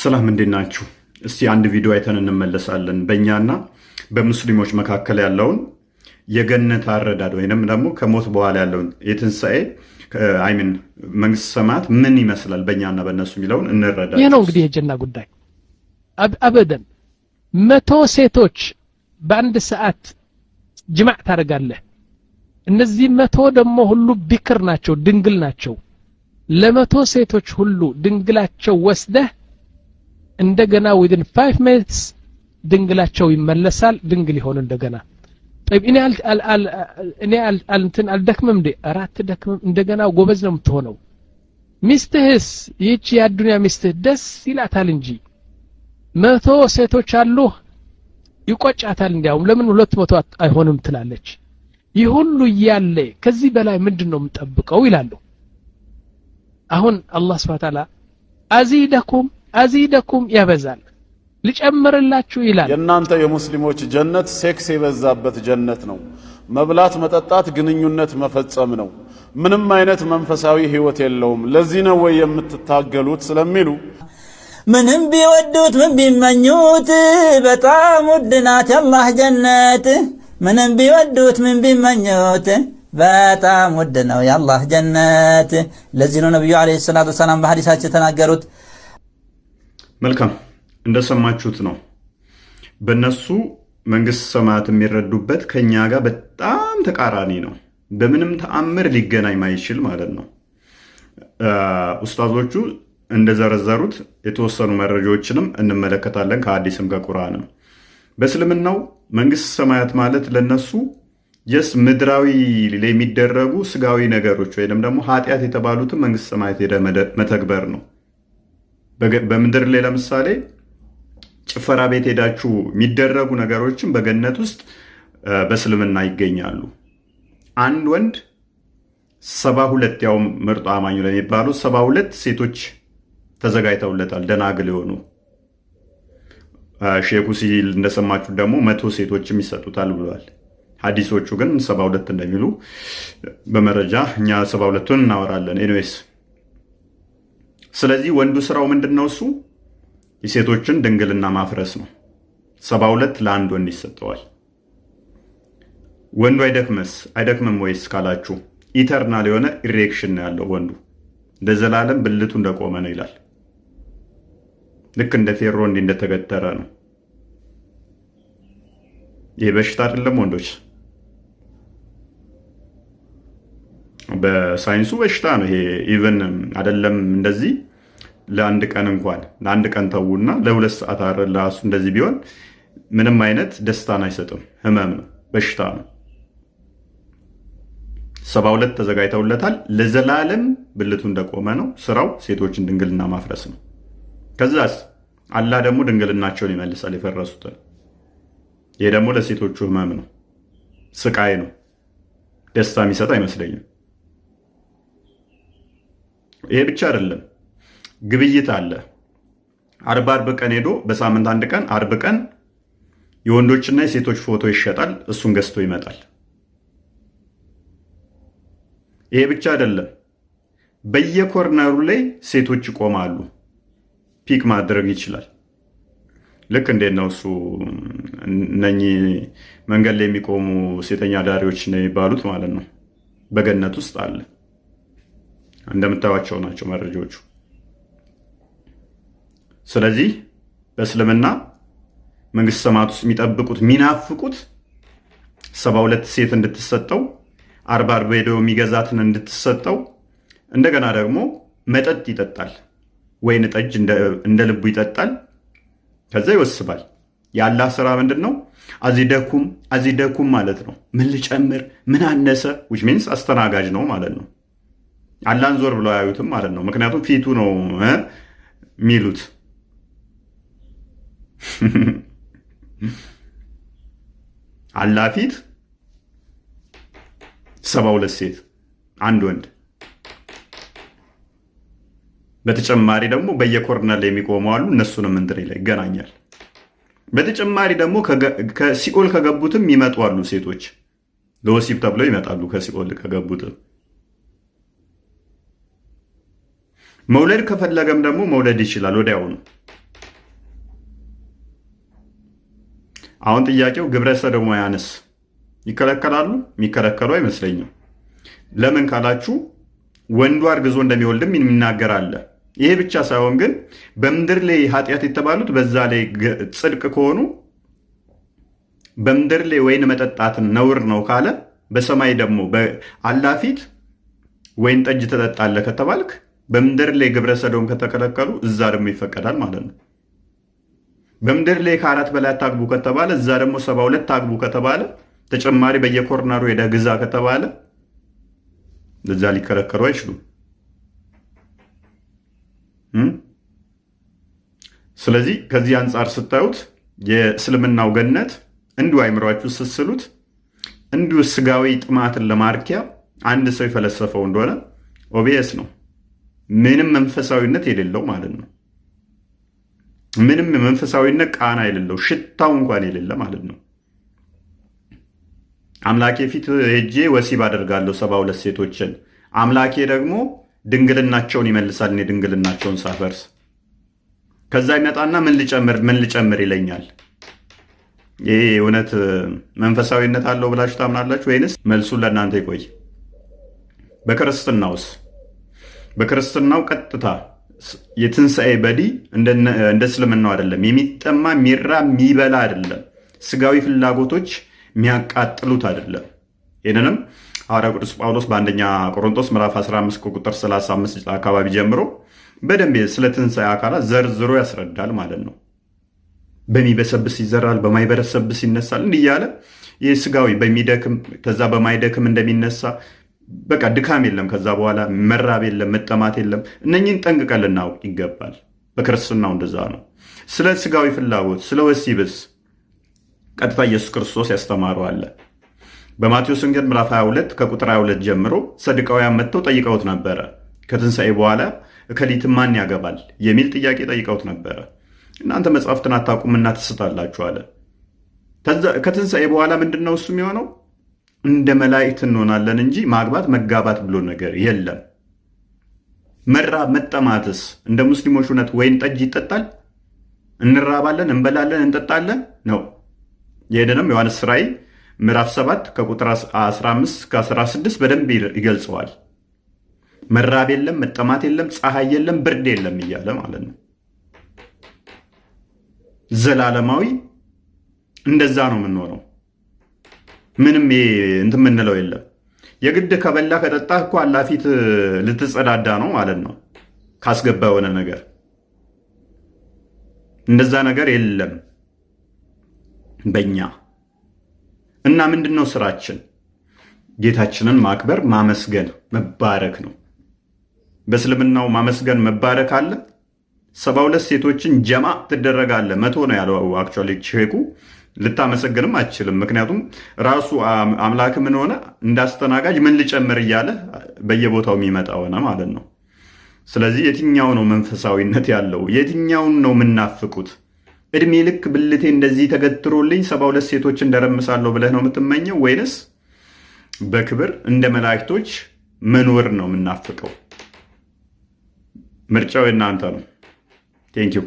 ሰላም እንዴት ናችሁ? እስቲ አንድ ቪዲዮ አይተን እንመለሳለን። በእኛና በሙስሊሞች መካከል ያለውን የገነት አረዳድ ወይንም ደግሞ ከሞት በኋላ ያለውን የትንሣኤ አይሚን መንግስት ሰማያት ምን ይመስላል በእኛና በእነሱ የሚለውን እንረዳ። ይህ ነው እንግዲህ የጀና ጉዳይ። አበደን መቶ ሴቶች በአንድ ሰዓት ጅማዕ ታደርጋለህ። እነዚህ መቶ ደግሞ ሁሉ ቢክር ናቸው፣ ድንግል ናቸው። ለመቶ ሴቶች ሁሉ ድንግላቸው ወስደህ እንደገና ዊድን ፋይቭ ሚኒትስ ድንግላቸው ይመለሳል ድንግል ይሆን እንደገና እኔ አል እኔ አል እንትን አልደክምም እንዴ አራት ደክምም እንደገና ጎበዝ ነው የምትሆነው ሚስትህስ ይህች የአዱኒያ ሚስትህ ደስ ይላታል እንጂ መቶ ሴቶች አሉ ይቆጫታል እንዲያውም ለምን ሁለት መቶ አይሆንም ትላለች ይህ ሁሉ እያለ ከዚህ በላይ ምንድን ነው የምጠብቀው ይላሉ አሁን አላህ ስብሓ ተዓላ አዚደኩም አዚደኩም ያበዛል ልጨምርላችሁ ይላል። የእናንተ የሙስሊሞች ጀነት ሴክስ የበዛበት ጀነት ነው። መብላት፣ መጠጣት፣ ግንኙነት መፈጸም ነው። ምንም አይነት መንፈሳዊ ህይወት የለውም። ለዚህ ነው ወይ የምትታገሉት ስለሚሉ ምንም ቢወዱት ምን ቢመኙት በጣም ውድ ናት የአላህ ጀነት። ምንም ቢወዱት ምን ቢመኙት በጣም ውድ ነው የአላህ ጀነት። ለዚህ ነው ነቢዩ ዓለይሂ ሰላቱ ወሰላም በሐዲሳቸው የተናገሩት መልካም እንደሰማችሁት ነው። በእነሱ መንግስት ሰማያት የሚረዱበት ከኛ ጋር በጣም ተቃራኒ ነው። በምንም ተአምር ሊገናኝ ማይችል ማለት ነው። ኡስታዞቹ እንደዘረዘሩት የተወሰኑ መረጃዎችንም እንመለከታለን ከአዲስም ከቁርአንም። በእስልምናው መንግስት ሰማያት ማለት ለነሱ የስ ምድራዊ የሚደረጉ ስጋዊ ነገሮች ወይም ደግሞ ኃጢአት የተባሉትን መንግስት ሰማያት ሄደ መተግበር ነው። በምድር ላይ ለምሳሌ ጭፈራ ቤት ሄዳችሁ የሚደረጉ ነገሮችን በገነት ውስጥ በእስልምና ይገኛሉ። አንድ ወንድ ሰባ ሁለት ያው ምርጦ አማኙ ለሚባሉ ሰባ ሁለት ሴቶች ተዘጋጅተውለታል ደናግል የሆኑ ሼኩ ሲል እንደሰማችሁ ደግሞ መቶ ሴቶችም ይሰጡታል ብለዋል። ሀዲሶቹ ግን ሰባ ሁለት እንደሚሉ በመረጃ እኛ ሰባ ሁለቱን እናወራለን። ኤኒዌይስ ስለዚህ ወንዱ ስራው ምንድን ነው? እሱ የሴቶችን ድንግልና ማፍረስ ነው። ሰባ ሁለት ለአንድ ወንድ ይሰጠዋል። ወንዱ አይደክመስ አይደክምም ወይስ ካላችሁ ኢተርናል የሆነ ኢሬክሽን ነው ያለው ወንዱ ለዘላለም ብልቱ እንደቆመ ነው ይላል። ልክ እንደ ፌሮ እንዲህ እንደተገተረ ነው። ይህ በሽታ አይደለም ወንዶች በሳይንሱ በሽታ ነው ይሄ። ኢቨን አይደለም እንደዚህ ለአንድ ቀን እንኳን ለአንድ ቀን ተዉና ለሁለት ሰዓት አረ ለሱ እንደዚህ ቢሆን ምንም አይነት ደስታን አይሰጥም። ህመም ነው፣ በሽታ ነው። ሰባ ሁለት ተዘጋጅተውለታል ለዘላለም ብልቱ እንደቆመ ነው። ስራው ሴቶችን ድንግልና ማፍረስ ነው። ከዛስ አላህ ደግሞ ድንግልናቸውን ይመልሳል የፈረሱትን። ይሄ ደግሞ ለሴቶቹ ህመም ነው፣ ስቃይ ነው። ደስታ የሚሰጥ አይመስለኝም። ይሄ ብቻ አይደለም። ግብይት አለ። አርብ አርብ ቀን ሄዶ በሳምንት አንድ ቀን አርብ ቀን የወንዶችና የሴቶች ፎቶ ይሸጣል። እሱን ገዝቶ ይመጣል። ይሄ ብቻ አይደለም። በየኮርነሩ ላይ ሴቶች ይቆማሉ። ፒክ ማድረግ ይችላል። ልክ እንዴት ነው እሱ እነኚህ መንገድ ላይ የሚቆሙ ሴተኛ ዳሪዎች ነው የሚባሉት ማለት ነው። በገነት ውስጥ አለ። እንደምታዩቸው ናቸው መረጃዎቹ። ስለዚህ በእስልምና መንግስት ሰማት ውስጥ የሚጠብቁት የሚናፍቁት ሰባ ሁለት ሴት እንድትሰጠው አርባ አርባ የሚገዛትን እንድትሰጠው እንደገና ደግሞ መጠጥ ይጠጣል። ወይን ጠጅ እንደ ልቡ ይጠጣል። ከዛ ይወስባል። ያላ ስራ ምንድን ነው? አዚደኩም አዚደኩም ማለት ነው። ምን ልጨምር፣ ምን አነሰ? ሚንስ አስተናጋጅ ነው ማለት ነው። አላን ዞር ብለው አያዩትም ማለት ነው። ምክንያቱም ፊቱ ነው የሚሉት። አላ ፊት ሰባ ሁለት ሴት አንድ ወንድ በተጨማሪ ደግሞ በየኮርነር ላይ የሚቆሙ አሉ። እነሱንም እንትን ላይ ይገናኛል። በተጨማሪ ደግሞ ከሲኦል ከገቡትም ይመጡ አሉ። ሴቶች ለወሲብ ተብለው ይመጣሉ ከሲኦል ከገቡትም መውለድ ከፈለገም ደግሞ መውለድ ይችላል ወዲያውኑ። አሁን ጥያቄው ግብረ ሰዶማውያንስ ይከለከላሉ? የሚከለከሉ አይመስለኝም። ለምን ካላችሁ ወንዱ አርግዞ እንደሚወልድም የሚናገር አለ። ይሄ ብቻ ሳይሆን ግን በምድር ላይ ኃጢአት የተባሉት በዛ ላይ ጽድቅ ከሆኑ በምድር ላይ ወይን መጠጣትን ነውር ነው ካለ በሰማይ ደግሞ አላፊት ወይን ጠጅ ተጠጣለ ከተባልክ በምድር ላይ ግብረ ሰዶም ከተከለከሉ እዛ ደግሞ ይፈቀዳል ማለት ነው። በምድር ላይ ከአራት በላይ አታግቡ ከተባለ እዛ ደግሞ ሰባ ሁለት አግቡ ከተባለ ተጨማሪ በየኮርነሩ ሄደ ግዛ ከተባለ እዛ ሊከለከሉ አይችሉም። ስለዚህ ከዚህ አንጻር ስታዩት የእስልምናው ገነት እንዲሁ አይምሯችሁ ስስሉት እንዲሁ ስጋዊ ጥማትን ለማርኪያ አንድ ሰው የፈለሰፈው እንደሆነ ኦቢየስ ነው። ምንም መንፈሳዊነት የሌለው ማለት ነው። ምንም መንፈሳዊነት ቃና የሌለው ሽታው እንኳን የሌለ ማለት ነው። አምላኬ ፊት ሄጄ ወሲብ አደርጋለሁ ሰባ ሁለት ሴቶችን አምላኬ ደግሞ ድንግልናቸውን ይመልሳል እኔ ድንግልናቸውን ሳፈርስ ከዛ ይመጣና ምን ልጨምር ምን ልጨምር ይለኛል። ይሄ እውነት መንፈሳዊነት አለው ብላችሁ ታምናላችሁ ወይንስ? መልሱን ለእናንተ ይቆይ። በክርስትናውስ በክርስትናው ቀጥታ የትንሣኤ በዲ እንደ እስልምናው አይደለም። የሚጠማ ሚራ የሚበላ አይደለም። ስጋዊ ፍላጎቶች የሚያቃጥሉት አይደለም። ይህንንም ሐዋርያ ቅዱስ ጳውሎስ በአንደኛ ቆሮንቶስ ምዕራፍ 15 ቁጥር 35 አካባቢ ጀምሮ በደንብ ስለ ትንሣኤ አካላት ዘርዝሮ ያስረዳል ማለት ነው። በሚበሰብስ ይዘራል፣ በማይበረሰብስ ይነሳል፣ እንዲህ እያለ ይህ ስጋዊ በሚደክም ከዛ በማይደክም እንደሚነሳ በቃ ድካም የለም። ከዛ በኋላ መራብ የለም፣ መጠማት የለም። እነኝህን ጠንቅቀን ልናውቅ ይገባል። በክርስትናው እንደዛ ነው። ስለ ስጋዊ ፍላጎት ስለ ወሲብስ ቀጥታ ኢየሱስ ክርስቶስ ያስተማረው አለ። በማቴዎስ ወንጌል ምዕራፍ 22 ከቁጥር 22 ጀምሮ ሰድቃውያን መጥተው ጠይቀውት ነበረ። ከትንሣኤ በኋላ እከሊት ማን ያገባል የሚል ጥያቄ ጠይቀውት ነበረ። እናንተ መጽሐፍትን አታውቁምና ትስታላችሁ አለ። ከትንሣኤ በኋላ ምንድን ነው እሱ የሚሆነው? እንደ መላእክት እንሆናለን እንጂ ማግባት መጋባት ብሎ ነገር የለም። መራብ መጠማትስ እንደ ሙስሊሞች እውነት ወይን ጠጅ ይጠጣል? እንራባለን፣ እንበላለን፣ እንጠጣለን ነው። ይህንንም ዮሐንስ ራእይ ምዕራፍ 7 ከቁጥር 15 እስከ 16 በደንብ ይገልጸዋል። መራብ የለም፣ መጠማት የለም፣ ፀሐይ የለም፣ ብርድ የለም እያለ ማለት ነው። ዘላለማዊ እንደዛ ነው የምንሆነው። ምንም እንትን የምንለው የለም። የግድ ከበላ ከጠጣ እኮ አላፊት ልትጸዳዳ ነው ማለት ነው። ካስገባ የሆነ ነገር እንደዛ ነገር የለም በኛ እና ምንድን ነው ስራችን? ጌታችንን ማክበር፣ ማመስገን፣ መባረክ ነው። በእስልምናው ማመስገን መባረክ አለ። ሰባ ሁለት ሴቶችን ጀማ ትደረጋለ። መቶ ነው ያለው አክቹዋሊ ቼኩ ልታመሰግንም አችልም። ምክንያቱም ራሱ አምላክ ምን ሆነ እንዳስተናጋጅ ምን ልጨምር እያለ በየቦታው የሚመጣ ሆነ ማለት ነው። ስለዚህ የትኛው ነው መንፈሳዊነት ያለው? የትኛውን ነው የምናፍቁት? እድሜ ልክ ብልቴ እንደዚህ ተገትሮልኝ ሰባ ሁለት ሴቶች እንደረምሳለሁ ብለህ ነው የምትመኘው? ወይንስ በክብር እንደ መላእክቶች መኖር ነው የምናፍቀው? ምርጫው የእናንተ ነው። ቴንኪው